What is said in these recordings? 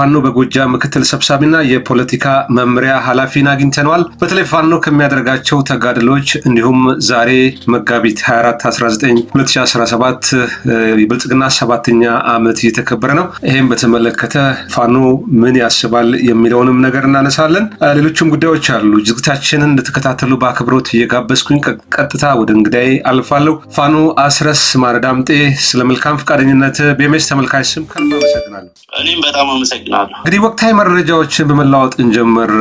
ፋኖ በጎጃ ምክትል ሰብሳቢና የፖለቲካ መምሪያ ኃላፊን አግኝተነዋል። በተለይ ፋኖ ከሚያደርጋቸው ተጋድሎች እንዲሁም ዛሬ መጋቢት 24 19 2017 የብልጽግና ሰባተኛ ዓመት እየተከበረ ነው። ይህም በተመለከተ ፋኖ ምን ያስባል የሚለውንም ነገር እናነሳለን። ሌሎችም ጉዳዮች አሉ። ዝግጅታችንን እንደተከታተሉ በአክብሮት እየጋበዝኩኝ ቀጥታ ወደ እንግዳይ አልፋለሁ። ፋኖ አስረስ ማረዳምጤ ስለ መልካም ፈቃደኝነት ቤሜስ ተመልካች ስም ከልብ አመሰግናለሁ። እኔም በጣም አመሰግናለሁ። ይችላሉ። እንግዲህ ወቅታዊ መረጃዎችን በመለዋወጥ እንጀምር።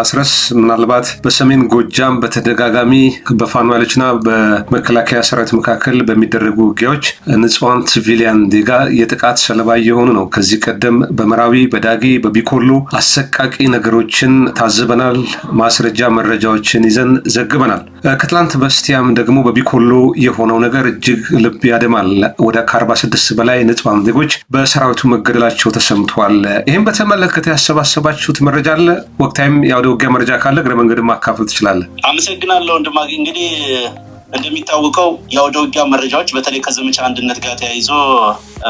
አስረስ ምናልባት በሰሜን ጎጃም በተደጋጋሚ በፋኖ ኃይሎችና በመከላከያ ሰራዊት መካከል በሚደረጉ ውጊያዎች ንጹሐን ሲቪሊያን ዜጋ የጥቃት ሰለባ እየሆኑ ነው። ከዚህ ቀደም በመራዊ በዳጌ በቢኮሎ አሰቃቂ ነገሮችን ታዝበናል። ማስረጃ መረጃዎችን ይዘን ዘግበናል። ከትላንት በስቲያም ደግሞ በቢኮሎ የሆነው ነገር እጅግ ልብ ያደማል። ወደ ከ46 በላይ ንጹሐን ዜጎች በሰራዊቱ መገደላቸው ተሰምቷል። ይህም በተመለከተ ያሰባሰባችሁት መረጃ አለ? ወቅታዊም የአውደ ውጊያ መረጃ ካለ እግረ መንገድ ማካፈል ትችላለህ። አመሰግናለሁ። ወንድማ እንግዲህ እንደሚታወቀው የአውደ ውጊያ መረጃዎች በተለይ ከዘመቻ አንድነት ጋር ተያይዞ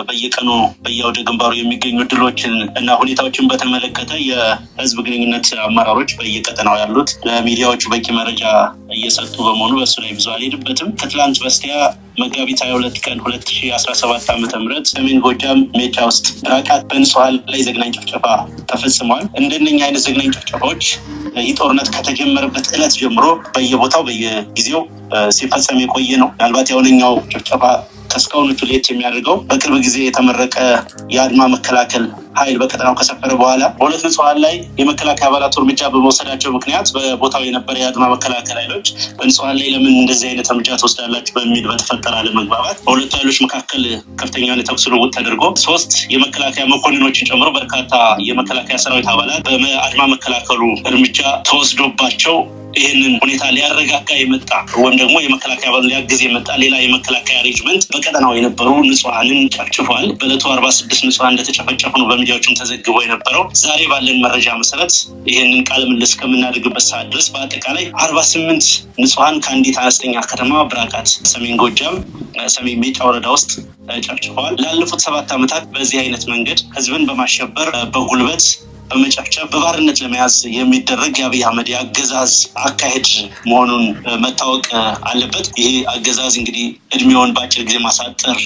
በየቀኑ በየአውደ ግንባሩ የሚገኙ ድሎችን እና ሁኔታዎችን በተመለከተ የህዝብ ግንኙነት አመራሮች በየቀጠናው ያሉት ለሚዲያዎቹ በቂ መረጃ እየሰጡ በመሆኑ በእሱ ላይ ብዙ አልሄድበትም። ከትላንት በስቲያ መጋቢት 22 ቀን 2017 ዓ ም ሰሜን ጎጃም ሜጫ ውስጥ ራቃት በንጹሐን ላይ ዘግናኝ ጭፍጨፋ ተፈጽሟል። እንደነኛ አይነት ዘግናኝ ጭፍጨፋዎች ይህ ጦርነት ከተጀመረበት እለት ጀምሮ በየቦታው በየጊዜው ሲፈጸም የቆየ ነው። ምናልባት የሆነኛው ጭፍጨፋ ከእስካሁኑ ለየት የሚያደርገው በቅርብ ጊዜ የተመረቀ የአድማ መከላከል ኃይል በቀጠናው ከሰፈረ በኋላ በሁለት ንጹሐን ላይ የመከላከያ አባላቱ እርምጃ በመውሰዳቸው ምክንያት በቦታው የነበረ የአድማ መከላከል ኃይሎች በንጹሐን ላይ ለምን እንደዚህ አይነት እርምጃ ተወስዳላችሁ በሚል በተፈጠረ አለመግባባት በሁለቱ ኃይሎች መካከል ከፍተኛ የተኩስ ልውውጥ ተደርጎ ሶስት የመከላከያ መኮንኖችን ጨምሮ በርካታ የመከላከያ ሰራዊት አባላት በአድማ መከላከሉ እርምጃ ተወስዶባቸው ይህንን ሁኔታ ሊያረጋጋ የመጣ ወይም ደግሞ የመከላከያ ባ ሊያግዝ የመጣ ሌላ የመከላከያ አሬንጅመንት በቀጠናው የነበሩ ንጹሐንን ጨፍጭፏል። በእለቱ አርባ ስድስት ንጹሐን እንደተጨፈጨፉ ነው በሚዲያዎችም ተዘግቦ የነበረው። ዛሬ ባለን መረጃ መሰረት ይህንን ቃለ ምልልስ ከምናደርግበት ሰዓት ድረስ በአጠቃላይ አርባ ስምንት ንጹሐን ከአንዲት አነስተኛ ከተማ ብራቃት ሰሜን ጎጃም ሰሜን ሜጫ ወረዳ ውስጥ ጨፍጭፈዋል። ላለፉት ሰባት ዓመታት በዚህ አይነት መንገድ ህዝብን በማሸበር በጉልበት በመጨፍጨፍ በባርነት ለመያዝ የሚደረግ የአብይ አህመድ የአገዛዝ አካሄድ መሆኑን መታወቅ አለበት። ይሄ አገዛዝ እንግዲህ እድሜውን በአጭር ጊዜ ማሳጠር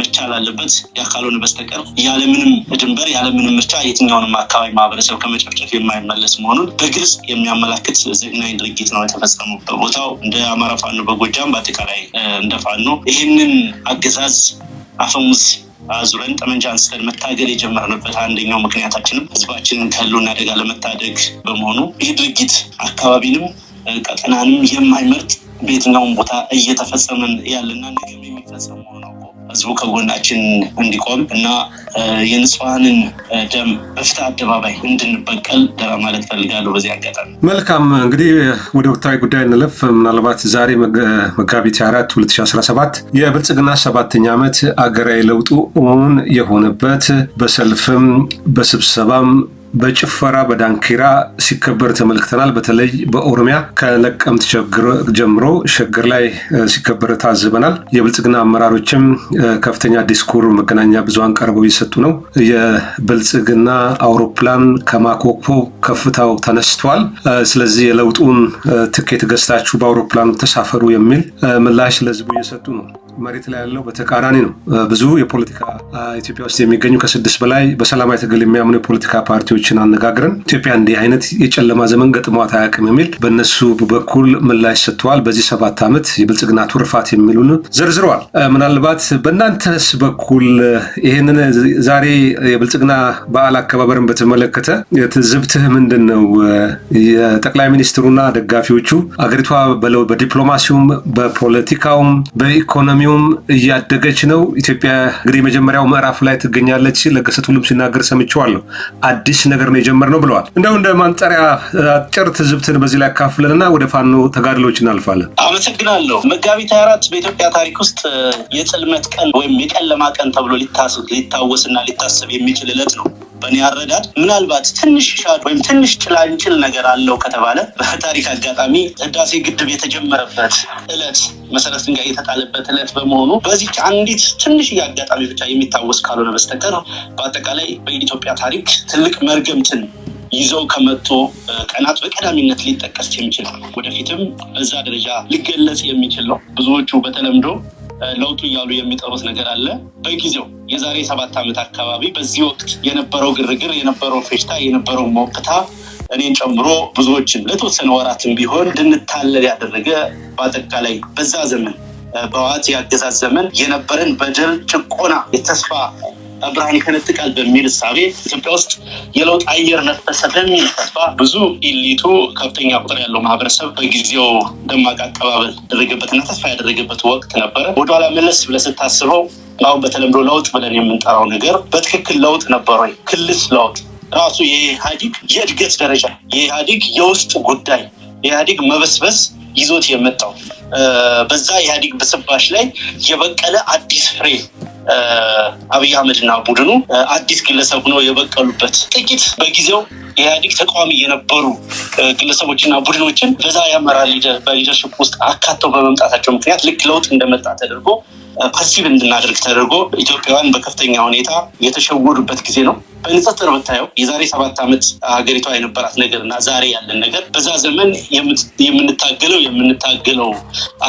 መቻል አለበት። ያካልሆነ በስተቀር ያለምንም ድንበር ያለምንም ምርጫ የትኛውንም አካባቢ ማህበረሰብ ከመጨፍጨፍ የማይመለስ መሆኑን በግልጽ የሚያመላክት ዘግናኝ ድርጊት ነው የተፈጸመው። በቦታው እንደ አማራ ፋኖ በጎጃም በአጠቃላይ እንደ ፋኖ ይህንን አገዛዝ አፈሙዝ አዙረን ጠመንጃ አንስተን መታገል የጀመርንበት አንደኛው ምክንያታችንም ህዝባችንን ከህልውና አደጋ ለመታደግ በመሆኑ ይህ ድርጊት አካባቢንም ቀጠናንም የማይመርጥ በየትኛውም ቦታ እየተፈጸመን ያለና ነገም የሚፈጸሙ ህዝቡ ከጎናችን እንዲቆም እና የንጹሐንን ደም በፍትህ አደባባይ እንድንበቀል ደራ ማለት ፈልጋለሁ በዚህ አጋጣሚ። መልካም እንግዲህ ወደ ወቅታዊ ጉዳይ እንለፍ። ምናልባት ዛሬ መጋቢት 4 2017 የብልጽግና ሰባተኛ ዓመት አገራዊ ለውጡ እውን የሆነበት በሰልፍም በስብሰባም በጭፈራ በዳንኪራ ሲከበር ተመልክተናል። በተለይ በኦሮሚያ ከለቀምት ጀምሮ ሸገር ላይ ሲከበር ታዝበናል። የብልጽግና አመራሮችም ከፍተኛ ዲስኩር መገናኛ ብዙሃን ቀርበው እየሰጡ ነው። የብልጽግና አውሮፕላን ከማኮኮ ከፍታው ተነስቷል። ስለዚህ የለውጡን ትኬት ገዝታችሁ በአውሮፕላኑ ተሳፈሩ የሚል ምላሽ ለህዝቡ እየሰጡ ነው። መሬት ላይ ያለው በተቃራኒ ነው። ብዙ የፖለቲካ ኢትዮጵያ ውስጥ የሚገኙ ከስድስት በላይ በሰላማዊ ትግል የሚያምኑ የፖለቲካ ፓርቲዎችን አነጋግረን ኢትዮጵያ እንዲህ አይነት የጨለማ ዘመን ገጥሟት አያውቅም የሚል በእነሱ በኩል ምላሽ ሰጥተዋል። በዚህ ሰባት ዓመት የብልጽግና ትሩፋት የሚሉን ዘርዝረዋል። ምናልባት በእናንተስ በኩል ይህንን ዛሬ የብልጽግና በዓል አከባበርን በተመለከተ ትዝብትህ ምንድን ነው? የጠቅላይ ሚኒስትሩና ደጋፊዎቹ አገሪቷ በዲፕሎማሲውም በፖለቲካውም በኢኮኖሚ ኢኮኖሚውም እያደገች ነው። ኢትዮጵያ እንግዲህ መጀመሪያው ምዕራፍ ላይ ትገኛለች። ለገሰት ሁሉም ሲናገር ሰምቼዋለሁ። አዲስ ነገር ነው የጀመርነው ብለዋል። እንደው እንደ ማንጠሪያ አጭር ትዝብትን በዚህ ላይ ያካፍለንና ወደ ፋኖ ተጋድሎች እናልፋለን። አመሰግናለሁ። መጋቢት 24 በኢትዮጵያ ታሪክ ውስጥ የጽልመት ቀን ወይም የጨለማ ቀን ተብሎ ሊታወስና ሊታሰብ የሚችል እለት ነው። በእኔ አረዳድ ምናልባት ትንሽ ሻድ ወይም ትንሽ ጭላንጭል ነገር አለው ከተባለ በታሪክ አጋጣሚ ህዳሴ ግድብ የተጀመረበት እለት መሰረት ድንጋይ የተጣለበት እለት በመሆኑ በዚች አንዲት ትንሽ አጋጣሚ ብቻ የሚታወስ ካልሆነ በስተቀር በአጠቃላይ በኢትዮጵያ ታሪክ ትልቅ መርገምትን ይዘው ከመጡ ቀናት በቀዳሚነት ሊጠቀስ የሚችል ወደፊትም በዛ ደረጃ ሊገለጽ የሚችል ነው። ብዙዎቹ በተለምዶ ለውጡ እያሉ የሚጠሩት ነገር አለ። በጊዜው የዛሬ ሰባት ዓመት አካባቢ በዚህ ወቅት የነበረው ግርግር፣ የነበረው ፌሽታ፣ የነበረው ሞቅታ እኔን ጨምሮ ብዙዎችን ለተወሰነ ወራትም ቢሆን እንድንታለል ያደረገ በአጠቃላይ በዛ ዘመን በዋት የአገዛዝ ዘመን የነበረን በደል፣ ጭቆና፣ የተስፋ ብርሃን ይፈነጥቃል በሚል እሳቤ ኢትዮጵያ ውስጥ የለውጥ አየር ነፈሰ በሚል ተስፋ ብዙ ኢሊቱ ከፍተኛ ቁጥር ያለው ማህበረሰብ በጊዜው ደማቅ አቀባበል ያደረገበትና ተስፋ ያደረገበት ወቅት ነበረ። ወደኋላ መለስ ብለ ስታስበው አሁን በተለምዶ ለውጥ ብለን የምንጠራው ነገር በትክክል ለውጥ ነበረ ወይ? ክልስ ለውጥ ራሱ የኢህአዲግ የእድገት ደረጃ የኢህአዲግ የውስጥ ጉዳይ የኢህአዲግ መበስበስ ይዞት የመጣው በዛ ኢህአዴግ ብስባሽ ላይ የበቀለ አዲስ ፍሬ አብይ አህመድና ቡድኑ አዲስ ግለሰብ ሆነው የበቀሉበት ጥቂት በጊዜው የኢህአዴግ ተቃዋሚ የነበሩ ግለሰቦችና ቡድኖችን በዛ የአመራር በሊደርሽፕ ውስጥ አካተው በመምጣታቸው ምክንያት ልክ ለውጥ እንደመጣ ተደርጎ ፓሲቭ እንድናደርግ ተደርጎ ኢትዮጵያውያን በከፍተኛ ሁኔታ የተሸወዱበት ጊዜ ነው። በንጽጽር ብታየው የዛሬ ሰባት ዓመት ሀገሪቷ የነበራት ነገር እና ዛሬ ያለን ነገር በዛ ዘመን የምንታገለው የምንታገለው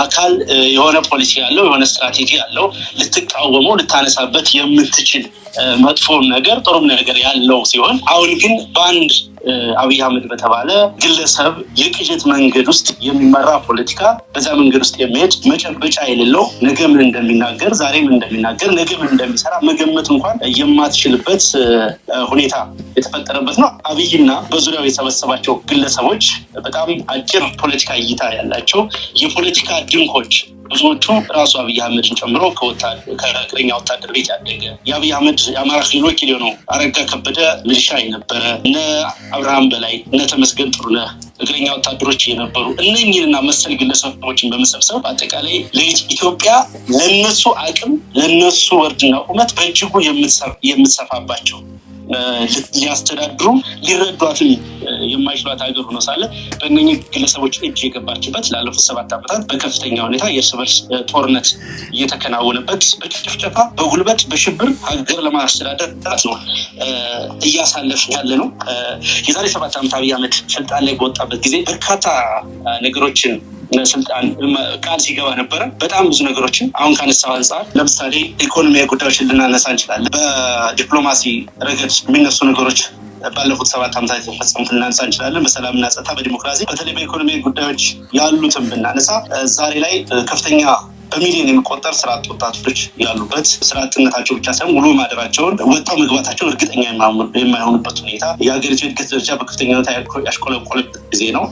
አካል የሆነ ፖሊሲ ያለው የሆነ ስትራቴጂ ያለው ልትቃወመው ልታነሳበት የምትችል መጥፎም ነገር ጥሩም ነገር ያለው ሲሆን አሁን ግን በአንድ አብይ አህመድ በተባለ ግለሰብ የቅዠት መንገድ ውስጥ የሚመራ ፖለቲካ በዛ መንገድ ውስጥ የሚሄድ መጨበጫ የሌለው ነገም እንደሚናገር፣ ዛሬም እንደሚናገር፣ ነገም እንደሚሰራ መገመት እንኳን የማትችልበት ሁኔታ የተፈጠረበት ነው። አብይና በዙሪያው የሰበሰባቸው ግለሰቦች በጣም አጭር ፖለቲካ እይታ ያላቸው የፖለቲካ ድንኮች ብዙዎቹ ራሱ አብይ አህመድን ጨምሮ ከእግረኛ ወታደር ቤት ያደገ የአብይ አህመድ የአማራ ክልል ወኪል የሆነው አረጋ ከበደ ሚሊሻ የነበረ እነ አብርሃም በላይ እነ ተመስገን ጥሩነ እግረኛ ወታደሮች የነበሩ እነኝንና መሰል ግለሰቦችን በመሰብሰብ አጠቃላይ ኢትዮጵያ ለነሱ አቅም ለነሱ ወርድና ቁመት በእጅጉ የምትሰፋባቸው ሊያስተዳድሩ ሊረዷትን የማይችሏት ሀገር ሆኖ ሳለ በእነኚህ ግለሰቦች እጅ የገባችበት ላለፉት ሰባት ዓመታት በከፍተኛ ሁኔታ የእርስ በርስ ጦርነት እየተከናወነበት በጭፍጨፋ፣ በጉልበት፣ በሽብር ሀገር ለማስተዳደር ጣት ነው እያሳለፍ ያለ ነው። የዛሬ ሰባት ዓመት አብይ አህመድ ስልጣን ላይ በወጣበት ጊዜ በርካታ ነገሮችን ስልጣን ቃል ሲገባ ነበረ። በጣም ብዙ ነገሮችን አሁን ካነሳው አንጻር ለምሳሌ ኢኮኖሚያዊ ጉዳዮችን ልናነሳ እንችላለን። በዲፕሎማሲ ረገድ የሚነሱ ነገሮች ባለፉት ሰባት ዓመታት የተፈጸሙትን ልናነሳ እንችላለን። በሰላምና ጸጥታ፣ በዲሞክራሲ በተለይ በኢኮኖሚ ጉዳዮች ያሉትን ብናነሳ ዛሬ ላይ ከፍተኛ በሚሊዮን የሚቆጠር ስራ አጥ ወጣቶች ያሉበት ስራ አጥነታቸው ብቻ ሳይሆን ውሎ ማደራቸውን ወጣው መግባታቸውን እርግጠኛ የማይሆኑበት ሁኔታ የሀገሪቱ የእድገት ደረጃ በከፍተኛ ሁኔታ ያሽቆለቆለበት ጊዜ ነው።